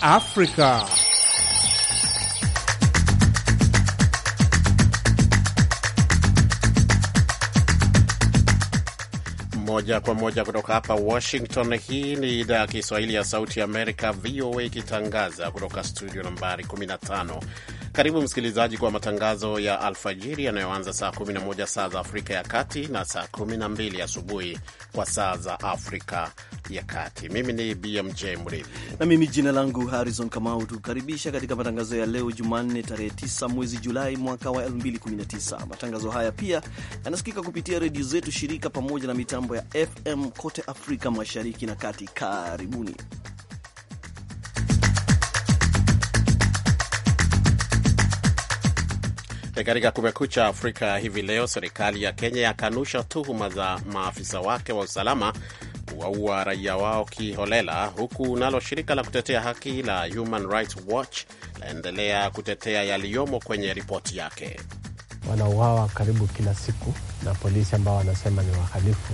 Afrika. Moja kwa moja kutoka hapa Washington. Hii ni idhaa ya Kiswahili ya Sauti ya Amerika, VOA, ikitangaza kutoka studio nambari 15. Karibu msikilizaji kwa matangazo ya alfajiri yanayoanza saa 11 saa za Afrika ya Kati na saa 12 asubuhi kwa saa za Afrika ya Kati. Mimi ni BMJ Mridhi na mimi jina langu Harrison Kamau, tukukaribisha katika matangazo ya leo Jumanne tarehe 9 mwezi Julai mwaka wa 2019. Matangazo haya pia yanasikika kupitia redio zetu shirika pamoja na mitambo ya FM kote Afrika Mashariki na Kati. Karibuni. Eh, katika Kumekucha Afrika hivi leo, serikali ya Kenya yakanusha tuhuma za maafisa wake wa usalama kuwaua raia wao kiholela, huku nalo shirika la kutetea haki la Human Rights Watch laendelea kutetea yaliyomo kwenye ripoti yake. Wanauawa karibu kila siku na polisi ambao wanasema ni wahalifu,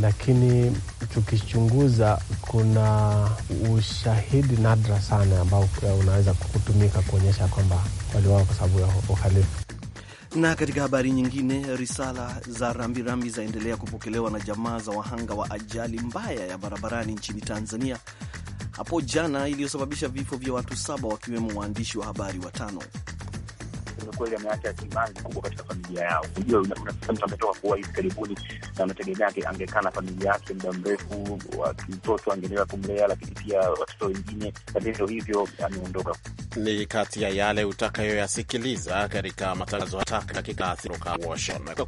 lakini tukichunguza, kuna ushahidi nadra sana ambao unaweza kutumika kuonyesha kwamba waliuawa kwa sababu ya uhalifu. Na katika habari nyingine, risala za rambirambi zaendelea kupokelewa na jamaa za wahanga wa ajali mbaya ya barabarani nchini Tanzania hapo jana, iliyosababisha vifo vya watu saba wakiwemo waandishi wa habari watano kweli ameacha imani kubwa katika familia yao. Unajua, unasikia mtu ametoka kuwa hivi karibuni na unategemea angekaa na familia yake muda mrefu, mtoto angeendelea kumlea, lakini pia watoto wengine, tatizo hivyo ameondoka. Ni kati ya yale utakayoyasikiliza katika matangazo ya dakika kutoka Washington.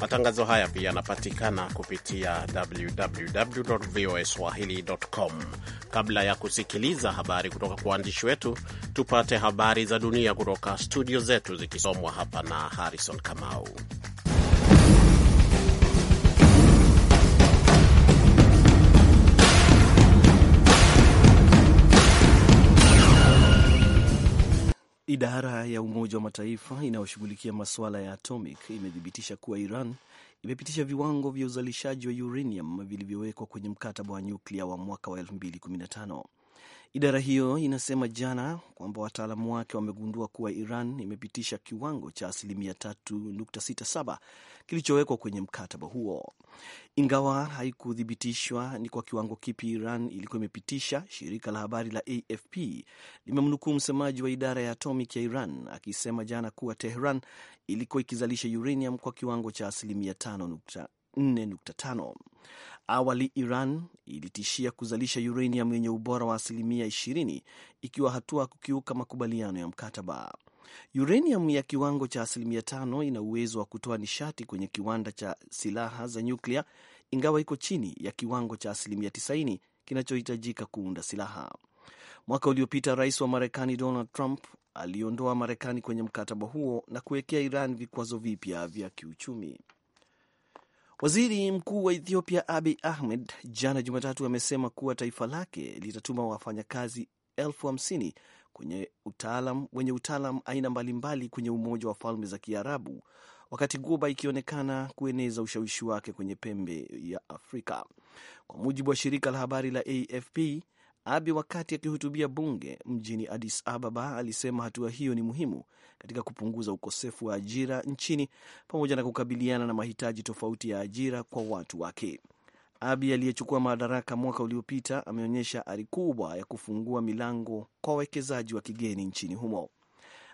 Matangazo haya pia yanapatikana kupitia www voa swahili.com. Kabla ya kusikiliza habari kutoka kwa waandishi wetu, tupate habari za dunia kutoka studio zetu zikisomwa hapa na Harrison Kamau. Idara ya Umoja wa Mataifa inayoshughulikia masuala ya atomic imethibitisha kuwa Iran imepitisha viwango vya uzalishaji wa uranium vilivyowekwa kwenye mkataba wa nyuklia wa mwaka wa 2015. Idara hiyo inasema jana kwamba wataalamu wake wamegundua kuwa Iran imepitisha kiwango cha asilimia 3.67 kilichowekwa kwenye mkataba huo. Ingawa haikuthibitishwa ni kwa kiwango kipi Iran ilikuwa imepitisha, shirika la habari la AFP limemnukuu msemaji wa idara ya atomic ya Iran akisema jana kuwa Tehran ilikuwa ikizalisha uranium kwa kiwango cha asilimia 5.4. Awali Iran ilitishia kuzalisha uranium yenye ubora wa asilimia 20 ikiwa hatua kukiuka makubaliano ya mkataba. Uranium ya kiwango cha asilimia tano ina uwezo wa kutoa nishati kwenye kiwanda cha silaha za nyuklia, ingawa iko chini ya kiwango cha asilimia tisaini kinachohitajika kuunda silaha. Mwaka uliopita rais wa Marekani Donald Trump aliondoa Marekani kwenye mkataba huo na kuwekea Iran vikwazo vipya vya kiuchumi. Waziri Mkuu wa Ethiopia abi Ahmed jana Jumatatu amesema kuwa taifa lake litatuma wafanyakazi elfu hamsini kwenye utaalam, wenye utaalam aina mbalimbali kwenye Umoja wa Falme za Kiarabu, wakati Guba ikionekana kueneza ushawishi wake kwenye pembe ya Afrika, kwa mujibu wa shirika la habari la AFP. Abi, wakati akihutubia bunge mjini Addis Ababa, alisema hatua hiyo ni muhimu katika kupunguza ukosefu wa ajira nchini pamoja na kukabiliana na mahitaji tofauti ya ajira kwa watu wake abi aliyechukua madaraka mwaka uliopita ameonyesha ari kubwa ya kufungua milango kwa wawekezaji wa kigeni nchini humo.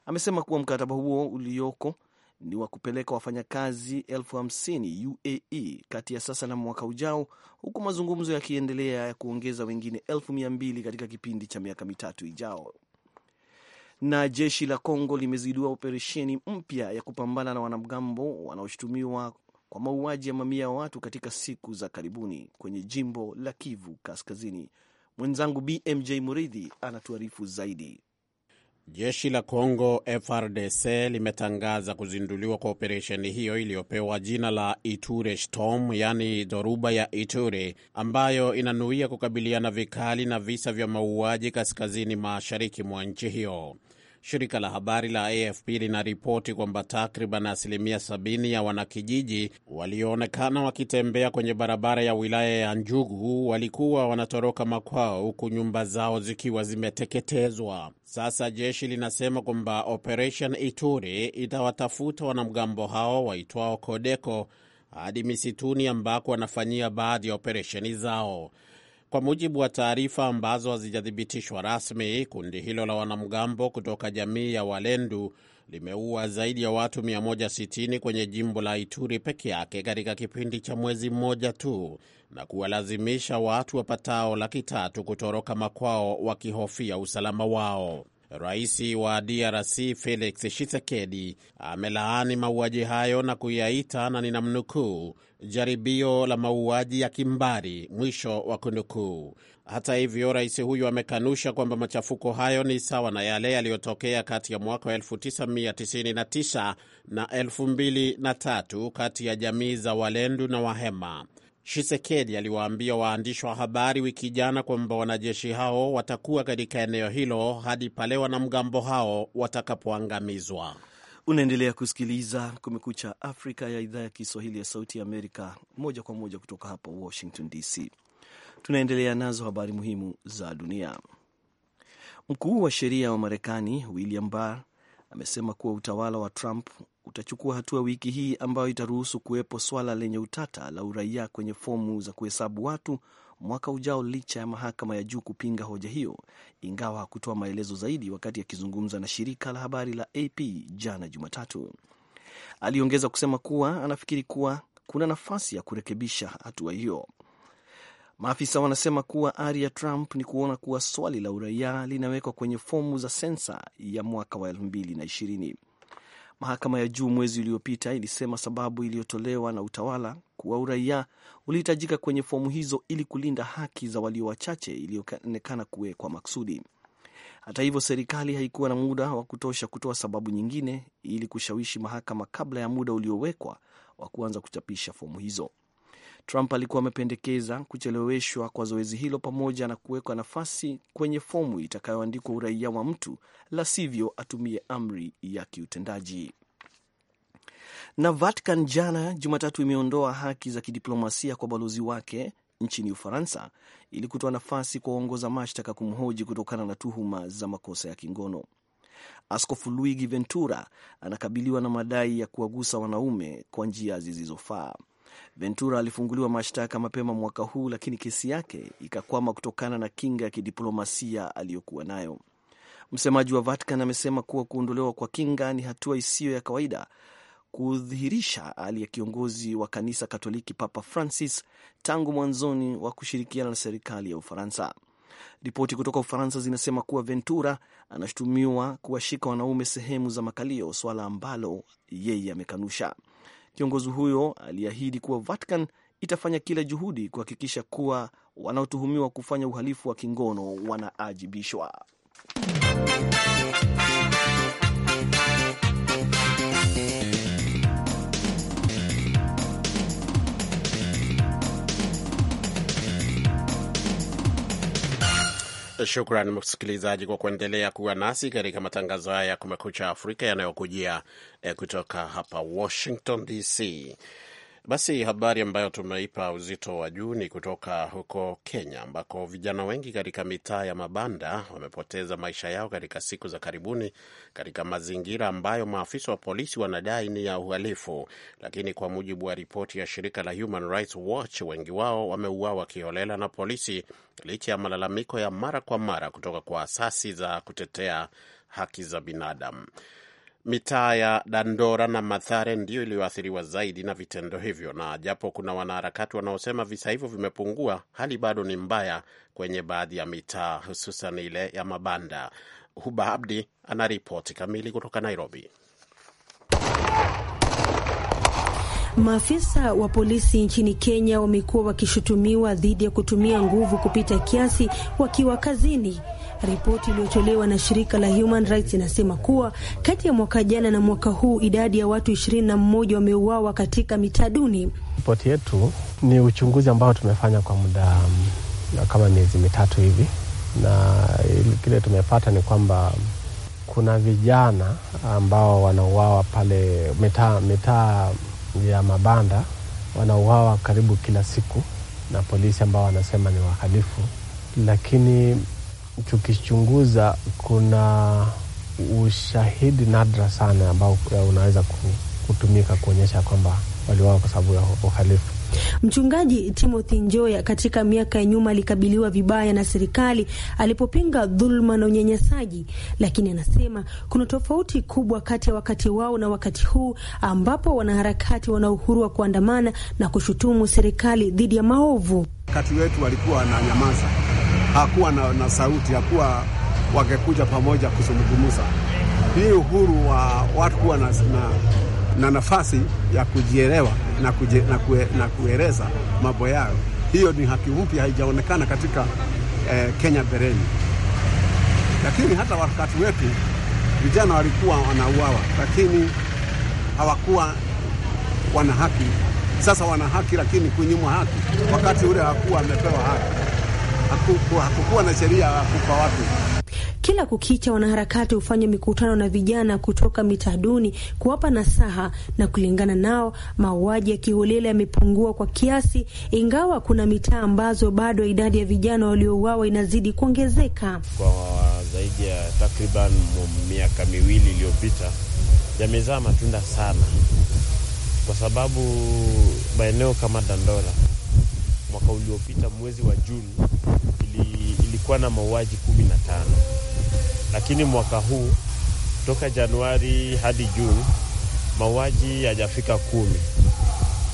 Amesema kuwa mkataba huo ulioko ni wa kupeleka wafanyakazi elfu hamsini UAE kati ya sasa na mwaka ujao, huku mazungumzo yakiendelea ya kuongeza wengine elfu mia mbili katika kipindi cha miaka mitatu ijao. Na jeshi la congo limezidua operesheni mpya ya kupambana na wanamgambo wanaoshutumiwa kwa mauaji ya mamia ya watu katika siku za karibuni kwenye jimbo la Kivu Kaskazini. Mwenzangu BMJ Muridhi anatuarifu zaidi. Jeshi la Kongo FRDC limetangaza kuzinduliwa kwa operesheni hiyo iliyopewa jina la Iture Storm, yaani dhoruba ya Iture, ambayo inanuia kukabiliana vikali na visa vya mauaji kaskazini mashariki mwa nchi hiyo. Shirika la habari la AFP linaripoti kwamba takriban asilimia 70 ya wanakijiji walioonekana wakitembea kwenye barabara ya wilaya ya Njugu walikuwa wanatoroka makwao huku nyumba zao zikiwa zimeteketezwa. Sasa jeshi linasema kwamba Operation Ituri itawatafuta wanamgambo hao waitwao Kodeko hadi misituni ambako wanafanyia baadhi ya operesheni zao. Kwa mujibu wa taarifa ambazo hazijathibitishwa rasmi, kundi hilo la wanamgambo kutoka jamii ya Walendu limeua zaidi ya watu 160 kwenye jimbo la Ituri peke yake katika kipindi cha mwezi mmoja tu na kuwalazimisha watu wapatao laki tatu kutoroka makwao wakihofia usalama wao. Rais wa DRC Felix Tshisekedi amelaani mauaji hayo na kuyaita, na ninamnukuu, jaribio la mauaji ya kimbari, mwisho wa kunukuu. Hata hivyo, rais huyu amekanusha kwamba machafuko hayo ni sawa na yale yaliyotokea kati ya mwaka wa 1999 na 2003 kati ya jamii za Walendu na Wahema. Shisekedi aliwaambia waandishi wa habari wiki jana kwamba wanajeshi hao watakuwa katika eneo hilo hadi pale wanamgambo hao watakapoangamizwa. Unaendelea kusikiliza Kumekucha Afrika ya idhaa ya Kiswahili ya Sauti ya Amerika, moja kwa moja kutoka hapa Washington DC. Tunaendelea nazo habari muhimu za dunia. Mkuu wa sheria wa Marekani William Barr amesema kuwa utawala wa Trump utachukua hatua wiki hii ambayo itaruhusu kuwepo swala lenye utata la uraia kwenye fomu za kuhesabu watu mwaka ujao, licha ya mahakama ya juu kupinga hoja hiyo, ingawa hakutoa maelezo zaidi wakati akizungumza na shirika la habari la AP jana Jumatatu. Aliongeza kusema kuwa anafikiri kuwa kuna nafasi ya kurekebisha hatua hiyo. Maafisa wanasema kuwa ari ya Trump ni kuona kuwa swali la uraia linawekwa kwenye fomu za sensa ya mwaka wa 2020. Mahakama ya juu mwezi uliopita ilisema sababu iliyotolewa na utawala kuwa uraia ulihitajika kwenye fomu hizo ili kulinda haki za walio wachache iliyoonekana kuwekwa maksudi. Hata hivyo, serikali haikuwa na muda wa kutosha kutoa sababu nyingine ili kushawishi mahakama kabla ya muda uliowekwa wa kuanza kuchapisha fomu hizo. Trump alikuwa amependekeza kucheleweshwa kwa zoezi hilo pamoja na kuwekwa nafasi kwenye fomu itakayoandikwa uraia wa mtu, la sivyo atumie amri ya kiutendaji. Na Vatican jana Jumatatu imeondoa haki za kidiplomasia kwa balozi wake nchini Ufaransa ili kutoa nafasi kwa waongoza mashtaka kumhoji kutokana na tuhuma za makosa ya kingono. Askofu Luigi Ventura anakabiliwa na madai ya kuwagusa wanaume kwa njia zisizofaa. Ventura alifunguliwa mashtaka mapema mwaka huu, lakini kesi yake ikakwama kutokana na kinga ya kidiplomasia aliyokuwa nayo. Msemaji wa Vatican amesema kuwa kuondolewa kwa kinga ni hatua isiyo ya kawaida kudhihirisha hali ya kiongozi wa kanisa Katoliki Papa Francis tangu mwanzoni wa kushirikiana na serikali ya Ufaransa. Ripoti kutoka Ufaransa zinasema kuwa Ventura anashutumiwa kuwashika wanaume sehemu za makalio, swala ambalo yeye amekanusha. Kiongozi huyo aliahidi kuwa Vatican itafanya kila juhudi kuhakikisha kuwa wanaotuhumiwa kufanya uhalifu wa kingono wanaajibishwa. Shukran msikilizaji kwa kuendelea kuwa nasi katika matangazo haya ya Kumekucha Afrika yanayokujia eh, kutoka hapa Washington DC. Basi habari ambayo tumeipa uzito wa juu ni kutoka huko Kenya, ambako vijana wengi katika mitaa ya mabanda wamepoteza maisha yao katika siku za karibuni katika mazingira ambayo maafisa wa polisi wanadai ni ya uhalifu. Lakini kwa mujibu wa ripoti ya shirika la Human Rights Watch, wengi wao wameuawa wakiolela na polisi licha ya malalamiko ya mara kwa mara kutoka kwa asasi za kutetea haki za binadamu. Mitaa ya Dandora na Mathare ndiyo iliyoathiriwa zaidi na vitendo hivyo, na japo kuna wanaharakati wanaosema visa hivyo vimepungua, hali bado ni mbaya kwenye baadhi ya mitaa, hususan ile ya mabanda. Huba Abdi ana ripoti kamili kutoka Nairobi. Maafisa wa polisi nchini Kenya wamekuwa wakishutumiwa dhidi ya kutumia nguvu kupita kiasi wakiwa kazini, Ripoti iliyotolewa na shirika la Human Rights inasema kuwa kati ya mwaka jana na mwaka huu idadi ya watu 21 wameuawa katika mitaa duni. Ripoti yetu ni uchunguzi ambao tumefanya kwa muda um, kama miezi mitatu hivi, na kile tumepata ni kwamba kuna vijana ambao wanauawa pale mitaa mitaa ya mabanda, wanauawa karibu kila siku na polisi ambao wanasema ni wahalifu, lakini tukichunguza, kuna ushahidi nadra sana ambao unaweza kutumika kuonyesha kwamba waliwawa kwa sababu ya uhalifu. Mchungaji Timothy Njoya katika miaka ya nyuma alikabiliwa vibaya na serikali alipopinga dhuluma na unyanyasaji, lakini anasema kuna tofauti kubwa kati ya wakati wao na wakati huu ambapo wanaharakati wana uhuru wa kuandamana na kushutumu serikali dhidi ya maovu. Wakati wetu walikuwa nyamaza, hakuwa na, na sauti, hakuwa wangekuja pamoja kuzungumza. Hii uhuru wa watu kuwa na, na, na nafasi ya kujielewa na, kuje, na, kue, na kueleza mambo yao, hiyo ni haki mpya, haijaonekana katika eh, Kenya bereni. Lakini hata wakati wetu vijana walikuwa wanauawa, lakini hawakuwa wana haki. Sasa wana haki, lakini kunyimwa haki. Wakati ule hakuwa wamepewa haki hakukuwa, na sheria kupa watu. Kila kukicha wanaharakati hufanya mikutano na vijana kutoka mitaa duni kuwapa nasaha, na kulingana nao mauaji ya kiholela yamepungua kwa kiasi, ingawa kuna mitaa ambazo bado idadi ya vijana waliouawa inazidi kuongezeka. Kwa zaidi ya takriban miaka miwili iliyopita, yamezaa matunda sana, kwa sababu maeneo kama Dandora mwaka uliopita mwezi wa Juni ili, ilikuwa na mauaji kumi na tano, lakini mwaka huu toka Januari hadi Juni mauaji yajafika kumi.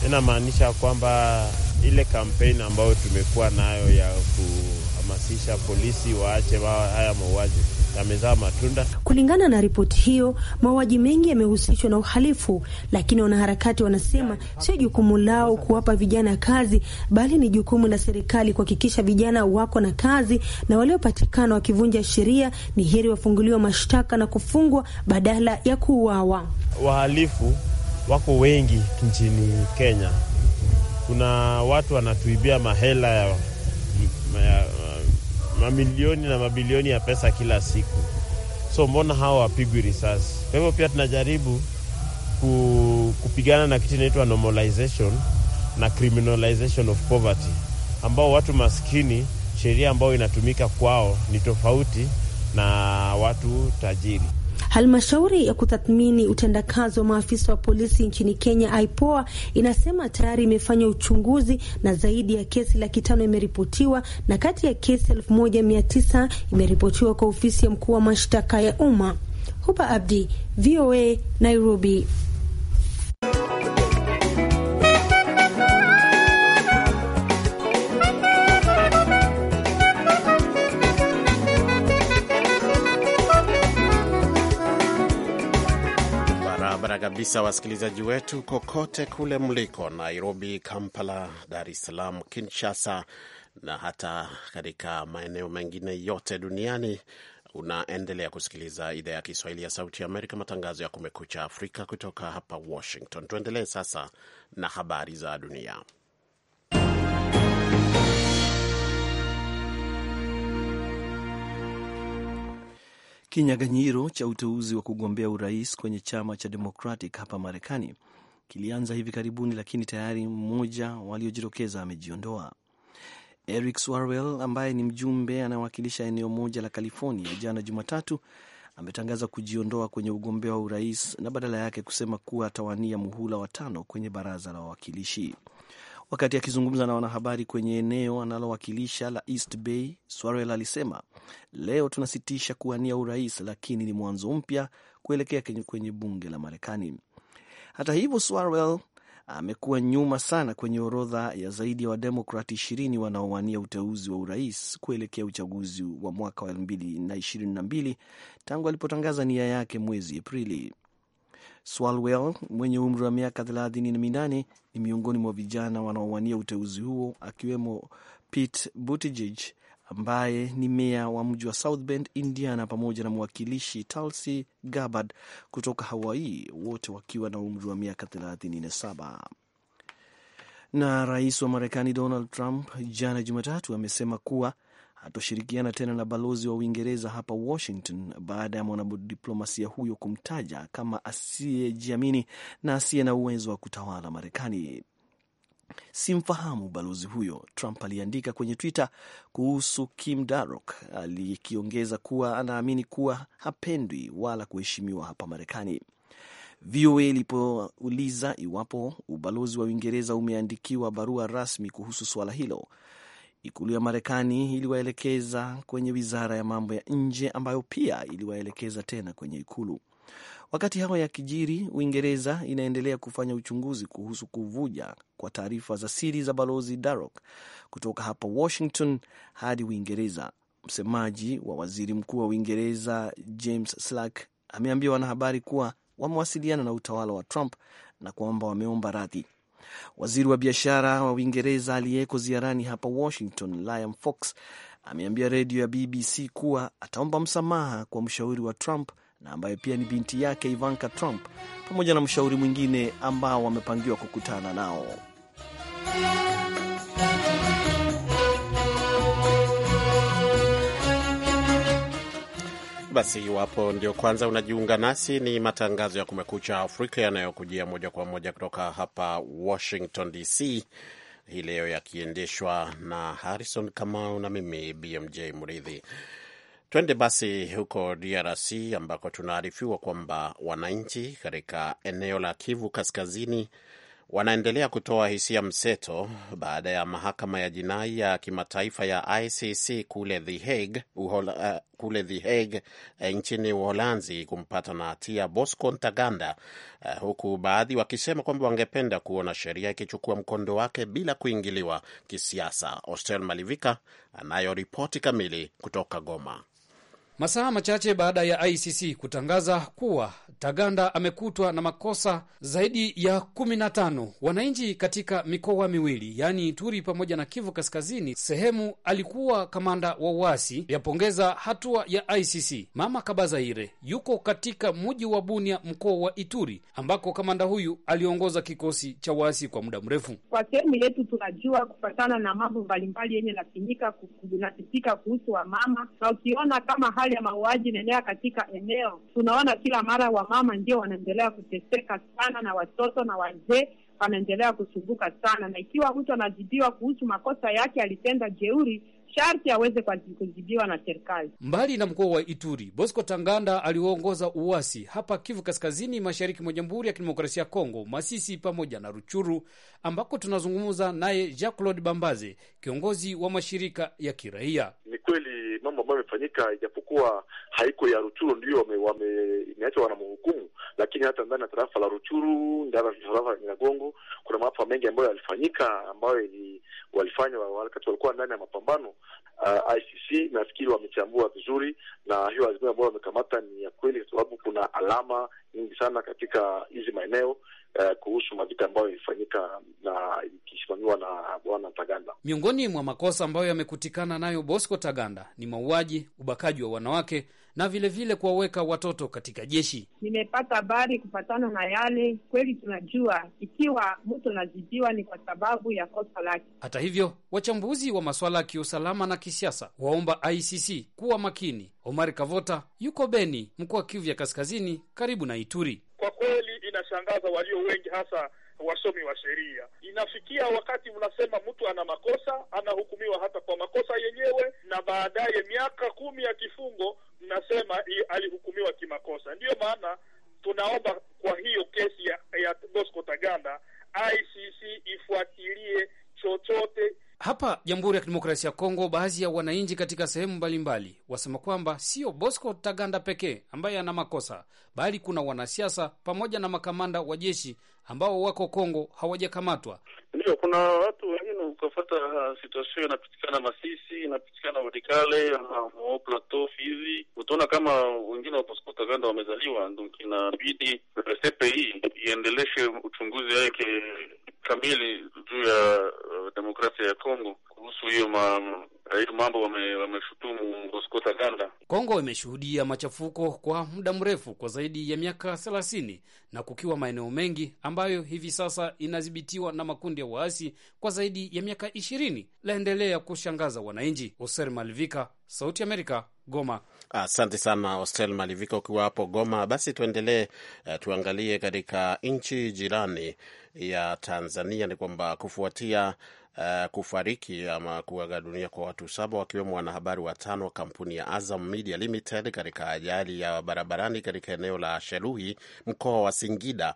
Inamaanisha kwamba ile kampeni ambayo tumekuwa nayo ya kuhamasisha polisi waache haya mauaji amezaa matunda. Kulingana na ripoti hiyo, mauaji mengi yamehusishwa na uhalifu, lakini wanaharakati wanasema sio jukumu lao kuwapa vijana kazi, bali ni jukumu la serikali kuhakikisha vijana wako na kazi, na waliopatikana wakivunja sheria ni heri wafunguliwa mashtaka na kufungwa badala ya kuuawa. Wahalifu wako wengi nchini Kenya. Kuna watu wanatuibia mahela ya, ya mamilioni na mabilioni ya pesa kila siku, so mbona hawa wapigwi risasi? Kwa hivyo pia tunajaribu ku, kupigana na kitu inaitwa normalization na criminalization of poverty, ambao watu maskini sheria ambayo inatumika kwao ni tofauti na watu tajiri. Halmashauri ya kutathmini utendakazi wa maafisa wa polisi nchini Kenya, IPOA, inasema tayari imefanya uchunguzi na zaidi ya kesi laki tano imeripotiwa na kati ya kesi elfu moja mia tisa imeripotiwa kwa ofisi ya mkuu wa mashtaka ya umma. Huba Abdi, VOA, Nairobi. kabisa wasikilizaji wetu kokote kule mliko, Nairobi, Kampala, Dar es Salaam, Kinshasa na hata katika maeneo mengine yote duniani. Unaendelea kusikiliza idhaa ya Kiswahili ya Sauti ya Amerika, matangazo ya Kumekucha Afrika kutoka hapa Washington. Tuendelee sasa na habari za dunia. Kinyaganyiro cha uteuzi wa kugombea urais kwenye chama cha Democratic hapa Marekani kilianza hivi karibuni, lakini tayari mmoja waliojitokeza amejiondoa. Eric Swarwell ambaye ni mjumbe anayewakilisha eneo moja la California, jana Jumatatu ametangaza kujiondoa kwenye ugombea wa urais na badala yake kusema kuwa atawania muhula wa tano kwenye baraza la wawakilishi. Wakati akizungumza na wanahabari kwenye eneo analowakilisha la East Bay, Swarel alisema leo tunasitisha kuwania urais, lakini ni mwanzo mpya kuelekea kwenye bunge la Marekani. Hata hivyo, Swarel amekuwa nyuma sana kwenye orodha ya zaidi ya wademokrati ishirini wanaowania uteuzi wa urais kuelekea uchaguzi wa mwaka wa elfu mbili na ishirini na mbili tangu alipotangaza nia yake mwezi Aprili. Swalwell mwenye umri wa miaka 38 ni miongoni mwa vijana wanaowania uteuzi huo, akiwemo Pete Buttigieg ambaye ni meya wa mji wa South Bend, Indiana, pamoja na mwakilishi Tulsi Gabbard kutoka Hawaii, wote wakiwa na umri wa miaka 37. Na rais wa Marekani Donald Trump jana Jumatatu amesema kuwa hatoshirikiana tena na balozi wa Uingereza hapa Washington baada ya mwanadiplomasia huyo kumtaja kama asiyejiamini na asiye na uwezo wa kutawala Marekani. Simfahamu balozi huyo, Trump aliandika kwenye Twitter kuhusu Kim Darroch, alikiongeza kuwa anaamini kuwa hapendwi wala kuheshimiwa hapa Marekani. VOA ilipouliza iwapo ubalozi wa Uingereza umeandikiwa barua rasmi kuhusu suala hilo, Ikulu ya Marekani iliwaelekeza kwenye wizara ya mambo ya nje ambayo pia iliwaelekeza tena kwenye ikulu. Wakati hayo kijiri Uingereza inaendelea kufanya uchunguzi kuhusu kuvuja kwa taarifa za siri za balozi Darok kutoka hapa Washington hadi Uingereza. Msemaji wa waziri mkuu wa Uingereza James Slack ameambia wanahabari kuwa wamewasiliana na utawala wa Trump na kwamba wameomba radhi. Waziri wa biashara wa Uingereza aliyeko ziarani hapa Washington, Liam Fox, ameambia redio ya BBC kuwa ataomba msamaha kwa mshauri wa Trump na ambaye pia ni binti yake Ivanka Trump, pamoja na mshauri mwingine ambao wamepangiwa kukutana nao. Basi iwapo ndio kwanza unajiunga nasi, ni matangazo ya Kumekucha Afrika yanayokujia moja kwa moja kutoka hapa Washington DC, hii leo yakiendeshwa na Harrison Kamau na mimi BMJ Muridhi. Twende basi huko DRC ambako tunaarifiwa kwamba wananchi katika eneo la Kivu Kaskazini wanaendelea kutoa hisia mseto baada ya mahakama ya jinai ya kimataifa ya ICC kule The Hague, uh, kule The Hague eh, nchini Uholanzi kumpata na hatia Bosco Ntaganda, uh, huku baadhi wakisema kwamba wangependa kuona sheria ikichukua mkondo wake bila kuingiliwa kisiasa. Austel Malivika anayo ripoti kamili kutoka Goma. Masaa machache baada ya ICC kutangaza kuwa Taganda amekutwa na makosa zaidi ya kumi na tano, wananchi katika mikoa miwili yaani Ituri pamoja na Kivu Kaskazini, sehemu alikuwa kamanda wa uasi, yapongeza hatua ya ICC. Mama Kabazaire yuko katika muji wa Bunia, mkoa wa Ituri, ambako kamanda huyu aliongoza kikosi cha uasi kwa muda mrefu. Kwa sehemu yetu tunajua kufatana na mambo mbalimbali yenye nafinyika kuhusu wamama na ukiona kama hali ya mauaji inaendelea katika eneo. Tunaona kila mara wamama ndio wanaendelea kuteseka sana na watoto na wazee wanaendelea kusumbuka sana, na ikiwa mtu anajibiwa kuhusu makosa yake, alitenda jeuri sharti aweze kujibiwa na serikali. Mbali na mkoa wa Ituri, Bosco Tanganda aliongoza uasi hapa Kivu Kaskazini, mashariki mwa Jamhuri ya Kidemokrasia ya Kongo, Masisi pamoja na Ruchuru, ambako tunazungumza naye Jacques Claude Bambaze, kiongozi wa mashirika ya kiraia. Ni kweli mambo ambayo yamefanyika, ijapokuwa haiko ya Ruchuru ndiyo wame, wame, imeacha wanamhukumu, lakini hata ndani ya tarafa la Ruchuru, ndani ya tarafa la Nyiragongo kuna maafa mengi ambayo yalifanyika ambayo ni walifanya wakati walikuwa ndani ya mapambano uh, ICC nafikiri wamechambua vizuri, na hiyo azimio ambayo wamekamata ni ya kweli, kwa sababu kuna alama nyingi sana katika hizi maeneo Eh, kuhusu mavita ambayo ilifanyika na ikisimamiwa na bwana Taganda. Miongoni mwa makosa ambayo yamekutikana nayo Bosco Taganda ni mauaji, ubakaji wa wanawake na vilevile kuwaweka watoto katika jeshi. Nimepata habari kufatana na yale kweli, tunajua ikiwa mtu anazidiwa ni kwa sababu ya kosa lake. Hata hivyo, wachambuzi wa masuala ya kiusalama na kisiasa waomba ICC kuwa makini. Omar Kavota yuko Beni, mkoa Kivu ya Kaskazini, karibu na Ituri. Kwa kweli kushangaza walio wengi, hasa wasomi wa sheria. Inafikia wakati mnasema mtu ana makosa, anahukumiwa hata kwa makosa yenyewe, na baadaye miaka kumi ya kifungo mnasema alihukumiwa kimakosa. Ndiyo maana tunaomba Hapa Jamhuri ya Kidemokrasia ya Kongo, baadhi ya wananchi katika sehemu mbalimbali wasema kwamba sio Bosco Taganda pekee ambaye ana makosa, bali kuna wanasiasa pamoja na makamanda wa jeshi ambao wako Kongo hawajakamatwa. Ndio, kuna watu wengine ukafata uh, situasio inapitikana Masisi, inapitikana Walikale, uh, Plateau, Fizi, utaona kama wengine wa Bosco Taganda wamezaliwa, ndo inabidi CPI iendeleshe uchunguzi wake kamili juu ya uh, demokrasia ya Kongo kuhusu hiyo hiyo mambo wameshutumu Bosco Ganda. Kongo imeshuhudia machafuko kwa muda mrefu kwa zaidi ya miaka thelathini na kukiwa maeneo mengi ambayo hivi sasa inadhibitiwa na makundi ya waasi kwa zaidi ya miaka ishirini laendelea kushangaza wananchi. Oser Malivika, Sauti Amerika, Goma. Asante sana Hostel Malivika, ukiwa hapo Goma. Basi tuendelee, eh, tuangalie katika nchi jirani ya Tanzania. Ni kwamba kufuatia uh, kufariki ama kuaga dunia kwa watu saba wakiwemo wanahabari watano wa kampuni ya Azam Media Limited katika ajali ya barabarani katika eneo la Sheluhi, mkoa wa Singida.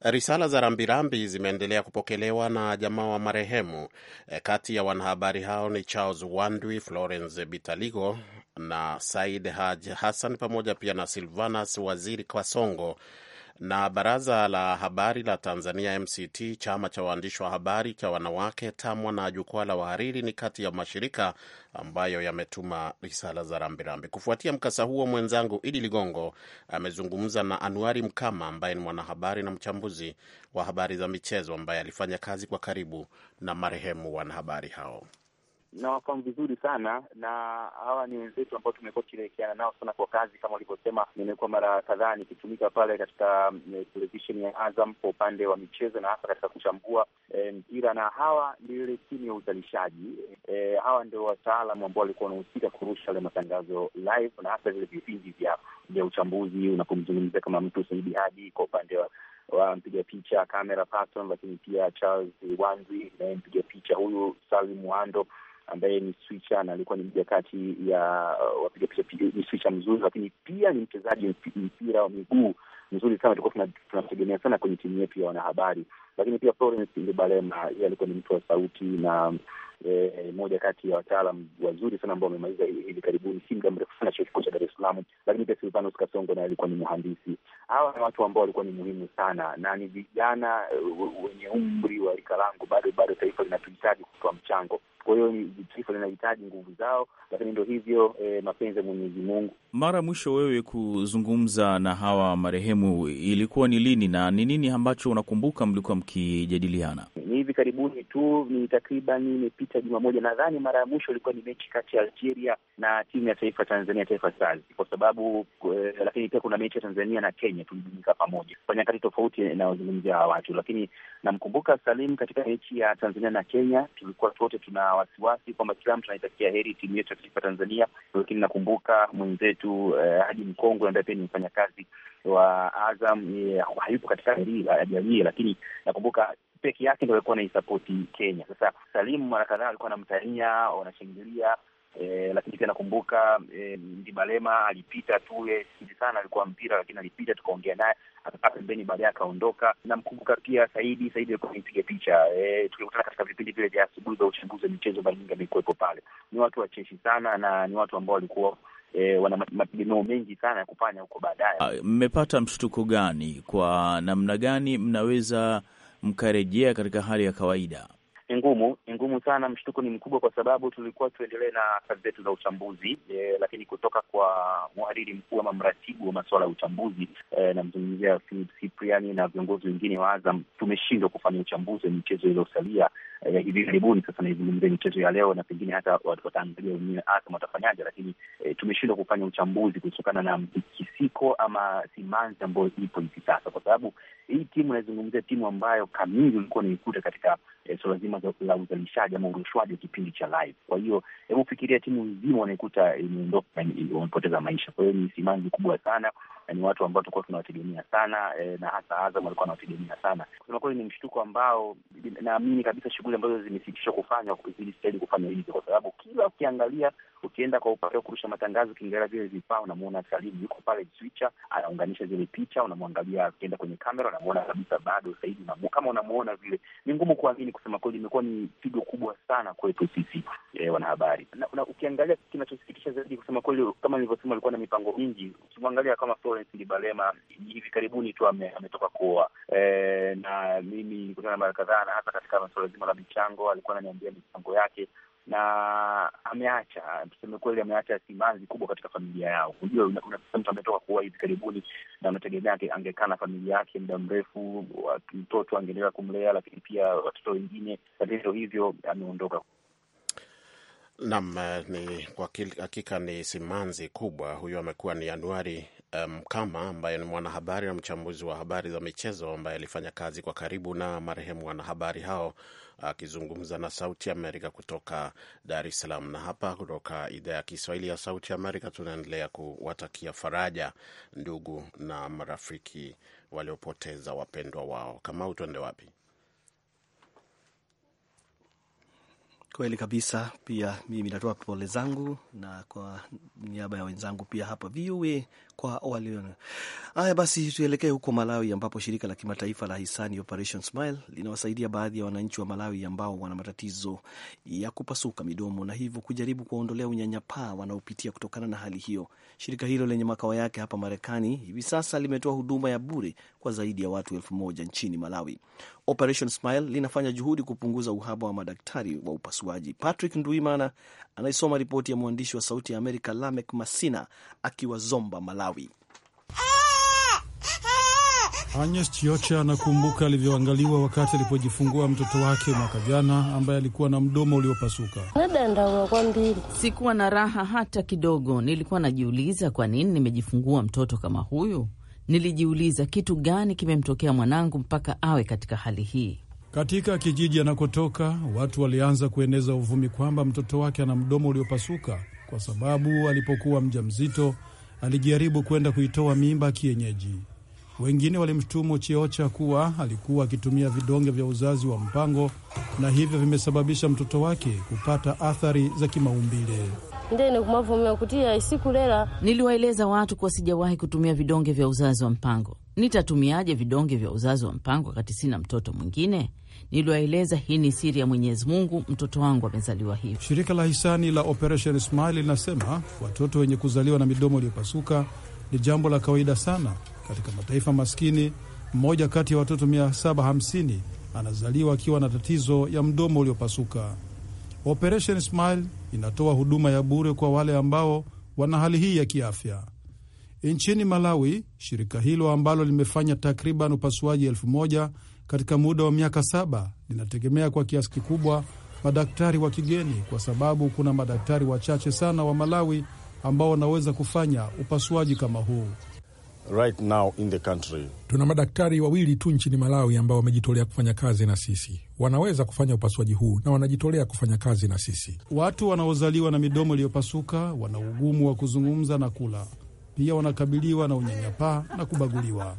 Risala za rambirambi zimeendelea kupokelewa na jamaa wa marehemu. E, kati ya wanahabari hao ni Charles Wandwi, Florence Bitaligo na Said Haj Hassan pamoja pia na Silvanas Waziri Kwasongo na baraza la habari la Tanzania MCT, chama cha waandishi wa habari cha wanawake TAMWA na jukwaa la wahariri ni kati ya mashirika ambayo yametuma risala za rambirambi kufuatia mkasa huo. Mwenzangu Idi Ligongo amezungumza na Anuari Mkama ambaye ni mwanahabari na mchambuzi wa habari za michezo ambaye alifanya kazi kwa karibu na marehemu wanahabari hao na wafahamu vizuri sana, na hawa ni wenzetu ambao tumekuwa tukishirikiana nao sana kwa kazi. Kama ulivyosema, nimekuwa mara kadhaa nikitumika pale katika mm, eh, televisheni ya Azam kwa upande wa michezo na hasa katika kuchambua e, mpira, na hawa ndio ile timu ya uzalishaji e, hawa ndio wataalamu ambao walikuwa wanahusika kurusha yale matangazo live na hasa vile vipindi vya vya uchambuzi unapomzungumzia kama mtu Saidi Hadi kwa upande wa wa mpiga picha Camera person, lakini pia Charles Wanzi naye mpiga picha huyu Salim Wando ambaye ni swicha na alikuwa ni mmoja kati ya uh, wapiga picha, ni swicha mzuri, lakini pia ni mchezaji mpira wa miguu mzuri sana, tulikuwa tunamtegemea sana kwenye timu yetu ya wanahabari. Lakini pia Florence Ndubalema, yeye alikuwa ni mtu wa sauti na E, eh, moja kati ya wataalam wazuri sana ambao wamemaliza hivi karibuni, si muda mrefu sana, chuo kikuu cha Dar es Salaam. Lakini pia Silvanus Kasongo naye alikuwa ni mhandisi. Hawa ni watu ambao walikuwa ni muhimu sana, na ni vijana eh, wenye umri wa rika langu, bado bado taifa linatuhitaji kutoa mchango kwa hiyo taifa linahitaji nguvu zao, lakini ndo hivyo e, mapenzi ya Mwenyezi Mungu. Mara mwisho wewe kuzungumza na hawa marehemu ilikuwa ni lini na ni nini ambacho unakumbuka mlikuwa mkijadiliana? Ni hivi karibuni tu, ni takriban imepita juma moja nadhani. Mara ya mwisho ilikuwa ni mechi kati ya Algeria na timu ya taifa Tanzania, Taifa Stars, kwa sababu e, lakini pia kuna mechi ya Tanzania na Kenya tulijumuika pamoja kwa nyakati tofauti inayozungumzia hawa watu, lakini namkumbuka Salim katika mechi ya Tanzania na Kenya tulikuwa wote tuna wasiwasi kwamba kila mtu anaitakia heri timu yetu ya taifa Tanzania, lakini nakumbuka mwenzetu eh, Haji Mkongwe ambaye pia ni mfanyakazi wa Azam eh, hayupo katika ajali hii, lakini nakumbuka peke yake ndo alikuwa anaisapoti Kenya. Sasa Salimu mara kadhaa alikuwa anamtania, wanashangilia eh, lakini pia nakumbuka eh, Ndibalema alipita tu sana, alikuwa mpira lakini alipita, tukaongea naye, akakaa pembeni, baadaye akaondoka. Namkumbuka pia Saidi, Saidi alikuwa nipiga picha e, tulikutana katika vipindi vile vya asubuhi za uchambuzi wa michezo, mara nyingi amekuwepo pale. Ni watu wacheshi sana na ni watu ambao walikuwa E, wana mategemeo mengi sana ya kufanya huko baadaye. Ah, mmepata mshtuko gani? Kwa namna gani mnaweza mkarejea katika hali ya kawaida? ni ngumu, ni ngumu sana. Mshtuko ni mkubwa, kwa sababu tulikuwa tuendelee na kazi zetu za uchambuzi e, lakini kutoka kwa mhariri mkuu ama mratibu wa masuala ya uchambuzi e, namzungumzia Philip na viongozi wengine wa Azam, tumeshindwa kufanya uchambuzi wa michezo iliyosalia eh, ya hivi karibuni. Sasa naizungumzia michezo ya leo, na pengine hata wataangalia wenyewe Azam watafanyaje, lakini e, tumeshindwa kufanya uchambuzi kutokana na mtikisiko ama simanzi ambayo ipo hivi sasa, kwa sababu hii timu naizungumzia timu ambayo kamili ulikuwa unaikuta katika eh, suala zima la uzalishaji ama urushwaji wa kipindi cha live. Kwa hiyo hebu fikiria timu nzima wanaikuta eh, imeondoka, wamepoteza maisha. Kwa hiyo ni simanzi kubwa sana na eh, ni watu ambao tulikuwa tunawategemea sana e, na hasa Azam walikuwa wanawategemea sana. Kusema kweli, ni mshtuko ambao naamini kabisa shughuli ambazo zimesitishwa kufanywa zilistahili kufanya hivyo, kwa sababu kila ukiangalia, ukienda kwa upande wa kurusha matangazo, ukiangalia vile vifaa, unamwona Salimu yuko pale Twitter anaunganisha zile picha, unamwangalia, ukienda kwenye kamera unamwona kabisa bado sahizi, kama unamwona vile, ni ngumu kuamini. Kusema kweli, imekuwa ni pigo kubwa sana kwetu sisi e, wanahabari na, na ukiangalia, kinachosikitisha zaidi kusema kweli, kama nilivyosema, alikuwa na mipango mingi, ukimwangalia kama Florence Lawrence Libalema hivi karibuni tu ametoka kuoa e, na mimi nilikutana mara kadhaa, na hasa katika masuala zima la michango alikuwa ananiambia michango yake na ameacha tuseme kweli, ameacha simanzi kubwa katika familia yao. Unajua, unakuta mtu ametoka kuoa hivi karibuni na unategemea angekaa na familia yake muda mrefu, mtoto angeendelea kumlea, lakini pia watoto wengine. Tatizo hivyo ameondoka. Naam, eh, ni kwa hakika ni simanzi kubwa. Huyo amekuwa ni Januari Mkama um, ambaye ni mwanahabari na mchambuzi wa habari za michezo ambaye alifanya kazi kwa karibu na marehemu wanahabari hao, akizungumza uh, na Sauti Amerika kutoka Dar es Salaam. Na hapa kutoka idhaa ya Kiswahili ya Sauti Amerika tunaendelea kuwatakia faraja ndugu na marafiki waliopoteza wapendwa wao. Kamau, tuende wapi? Kweli kabisa. Pia mimi natoa pole zangu na kwa niaba ya wenzangu pia hapa VOA kwa walio haya. Basi tuelekee huko Malawi, ambapo shirika la kimataifa la hisani Operation Smile linawasaidia baadhi ya wananchi wa Malawi ambao wana matatizo ya kupasuka midomo na hivyo kujaribu kuwaondolea unyanyapaa wanaopitia kutokana na hali hiyo. Shirika hilo lenye makao yake hapa Marekani hivi sasa limetoa huduma ya bure kwa zaidi ya watu elfu moja nchini Malawi. Operation Smile linafanya juhudi kupunguza uhaba wa madaktari wa upasuaji. Patrick Nduimana anaisoma ripoti ya mwandishi wa Sauti ya Amerika Lamek Masina akiwa Zomba, Malawi. Malawi. Agnes Chiocha anakumbuka alivyoangaliwa wakati alipojifungua mtoto wake mwaka jana, ambaye alikuwa na mdomo uliopasuka. Sikuwa na raha hata kidogo, nilikuwa najiuliza kwa nini nimejifungua mtoto kama huyu. Nilijiuliza kitu gani kimemtokea mwanangu mpaka awe katika hali hii. Katika kijiji anakotoka watu walianza kueneza uvumi kwamba mtoto wake ana mdomo uliopasuka, kwa sababu alipokuwa mjamzito alijaribu kwenda kuitoa mimba kienyeji. Wengine walimshutumu Chiocha kuwa alikuwa akitumia vidonge vya uzazi wa mpango na hivyo vimesababisha mtoto wake kupata athari za kimaumbile. niliwaeleza watu kuwa sijawahi kutumia vidonge vya uzazi wa mpango nitatumiaje vidonge vya uzazi wa mpango wakati sina mtoto mwingine? Niliwaeleza hii ni siri ya Mwenyezi Mungu, mtoto wangu amezaliwa hivi. Shirika la hisani la Operation Smile linasema watoto wenye kuzaliwa na midomo iliyopasuka ni jambo la kawaida sana katika mataifa maskini. Mmoja kati ya watoto 750 anazaliwa akiwa na tatizo ya mdomo uliopasuka. Operation Smile inatoa huduma ya bure kwa wale ambao wana hali hii ya kiafya. Nchini Malawi, shirika hilo ambalo limefanya takriban upasuaji elfu moja katika muda wa miaka saba linategemea kwa kiasi kikubwa madaktari wa kigeni, kwa sababu kuna madaktari wachache sana wa Malawi ambao wanaweza kufanya upasuaji kama huu. Right now in the country, tuna madaktari wawili tu nchini Malawi ambao wamejitolea kufanya kazi na sisi. Wanaweza kufanya upasuaji huu na wanajitolea kufanya kazi na sisi. Watu wanaozaliwa na midomo iliyopasuka wana ugumu wa kuzungumza na kula pia wanakabiliwa na unyanyapaa na kubaguliwa.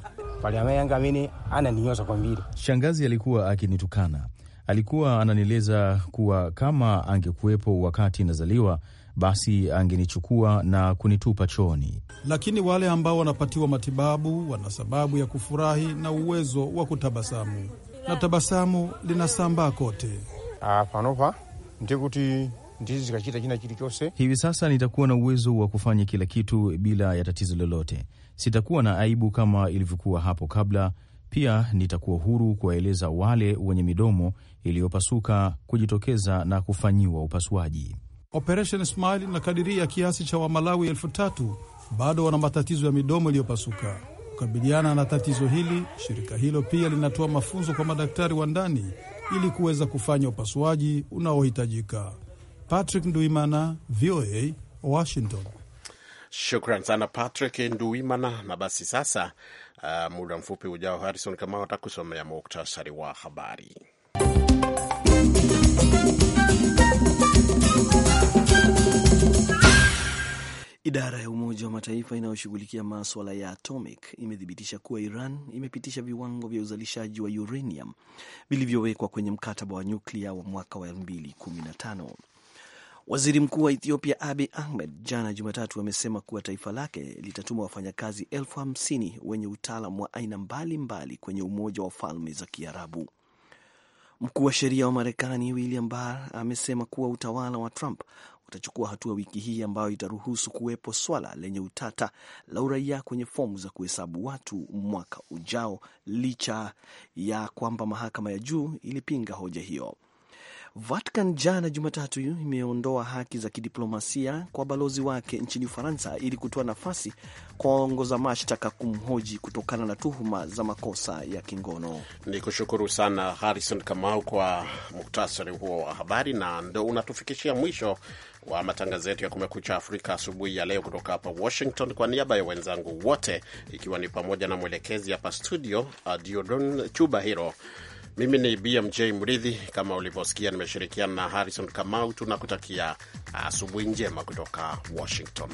Shangazi alikuwa akinitukana, alikuwa ananieleza kuwa kama angekuwepo wakati nazaliwa basi angenichukua na kunitupa chooni. Lakini wale ambao wanapatiwa matibabu wana sababu ya kufurahi na uwezo wa kutabasamu, na tabasamu linasambaa kote. Ah, panopa ndikuti Hivi sasa nitakuwa na uwezo wa kufanya kila kitu bila ya tatizo lolote. Sitakuwa na aibu kama ilivyokuwa hapo kabla. Pia nitakuwa huru kuwaeleza wale wenye midomo iliyopasuka kujitokeza na kufanyiwa upasuaji. Operation Smile inakadiria kiasi cha Wamalawi elfu tatu bado wana matatizo ya midomo iliyopasuka. Kukabiliana na tatizo hili, shirika hilo pia linatoa mafunzo kwa madaktari wa ndani ili kuweza kufanya upasuaji unaohitajika. Patrick Nduimana, VOA Washington. Shukran sana Patrick Nduimana. Na basi sasa, uh, muda mfupi ujao, Harrison Kamau atakusomea muktasari wa habari. Idara ya Umoja wa Mataifa inayoshughulikia maswala ya atomic imethibitisha kuwa Iran imepitisha viwango vya uzalishaji wa uranium vilivyowekwa kwenye mkataba wa nyuklia wa mwaka wa 2015. Waziri Mkuu wa Ethiopia abi Ahmed jana Jumatatu amesema kuwa taifa lake litatuma wafanyakazi elfu hamsini wenye utaalam wa aina mbalimbali mbali kwenye Umoja wa Falme za Kiarabu. Mkuu wa sheria wa Marekani William Barr amesema kuwa utawala wa Trump utachukua hatua wiki hii ambayo itaruhusu kuwepo swala lenye utata la uraia kwenye fomu za kuhesabu watu mwaka ujao, licha ya kwamba mahakama ya juu ilipinga hoja hiyo. Vatican jana Jumatatu imeondoa haki za kidiplomasia kwa balozi wake nchini Ufaransa ili kutoa nafasi kwa waongoza mashtaka kumhoji kutokana na tuhuma za makosa ya kingono. Ni kushukuru sana Harrison Kamau kwa muktasari huo wa habari, na ndo unatufikishia mwisho wa matangazo yetu ya Kumekucha Afrika asubuhi ya leo kutoka hapa Washington. Kwa niaba ya wenzangu wote, ikiwa ni pamoja na mwelekezi hapa studio Diodon Chuba Hiro mimi ni BMJ Mridhi, kama ulivyosikia, nimeshirikiana na Harrison Kamau. Tunakutakia uh, asubuhi njema kutoka Washington.